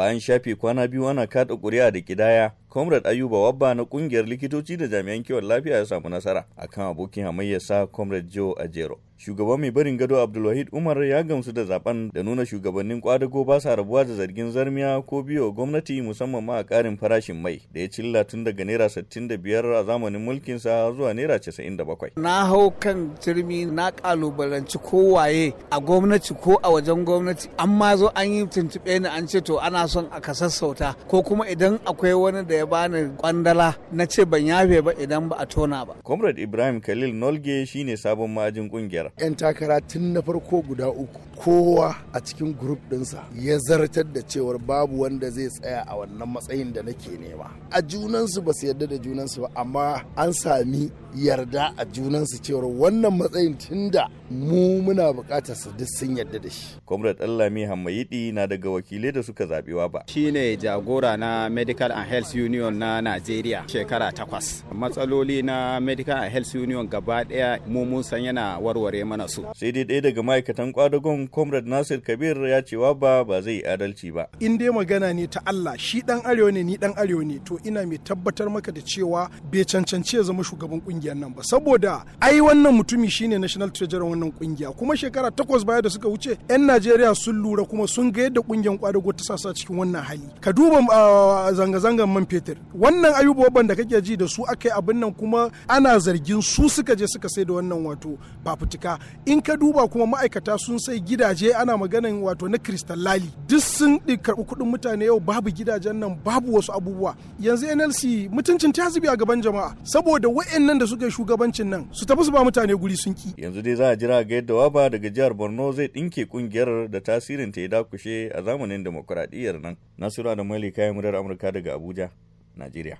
bayan shafe kwana biyu ana kaɗa ƙuri'a da ƙidaya Comrade Ayuba Wabba na kungiyar likitoci da jami'an kiwon lafiya ya samu nasara akan abokin hamayyarsa Comrade Joe Ajero. Shugaban mai barin gado Abdulwahid Umar ya gamsu da zaben da nuna shugabannin kwadago ba sa rabuwa da zargin zarmiya ko biyo gwamnati musamman ma a karin farashin mai da ya cilla tun daga naira da biyar a zamanin mulkin sa zuwa naira da bakwai. Na hau kan jirmi na kalubalanci ko waye a gwamnati ko a wajen gwamnati amma zo an yi tuntuɓe ni an ce to ana son a kasassauta ko kuma idan akwai wani da ya bani kwandala na ce ban yafe ba idan ba a tona ba. Comrade Ibrahim Khalil Nolge shine sabon ma'ajin kungiyar. 'Yan takara tun na farko guda uku kowa a cikin grup ɗinsa ya zartar da cewar babu wanda zai tsaya a wannan matsayin da nake nema. A junansu ba su yarda da junansu ba amma an sami yarda a junansu cewar wannan matsayin tunda mu muna bukatar su duk sun yarda da shi. Comrade Allami Hammayidi na daga wakilai da suka zaɓi ba. Shi ne jagora na Medical and Health Union na Najeriya shekara takwas. Matsaloli na Medical and Health Union gaba ɗaya mu mun san yana warware mana su. Sai dai ɗaya daga ma'aikatan kwadagon Comrade Nasir Kabir ya cewa ba ba zai yi adalci ba. In dai magana ne ta Allah shi ɗan arewa ne ni dan arewa ne to ina mai tabbatar maka da cewa bai cancanci ya zama shugaban ƙungiya. kungiyar nan ba saboda ai wannan mutumi shine national treasurer wannan kungiya kuma shekara takwas baya da suka wuce yan Najeriya sun lura kuma sun ga yadda kungiyar kwadago ta sasa cikin wannan hali ka duba ah, zanga-zangan man fetur wannan ban da kake ji da su aka yi abin nan kuma ana zargin su suka je suka sai da wannan wato fafutuka in ka duba kuma ma'aikata sun sai gidaje ana maganan wato na lali duk sun karɓi kuɗin mutane yau babu gidajen nan babu wasu abubuwa yanzu nlc mutuncin ta zubi a gaban jama'a saboda wa'annan da suka yi shugabancin nan su tafi su ba mutane guri sun ki yanzu dai za a jira ga yadda waba daga jihar borno zai dinke kungiyar da tasirin ta ya dakushe a zamanin demokuraɗiyyar nan nasiru da malika ya murar amurka daga abuja najeriya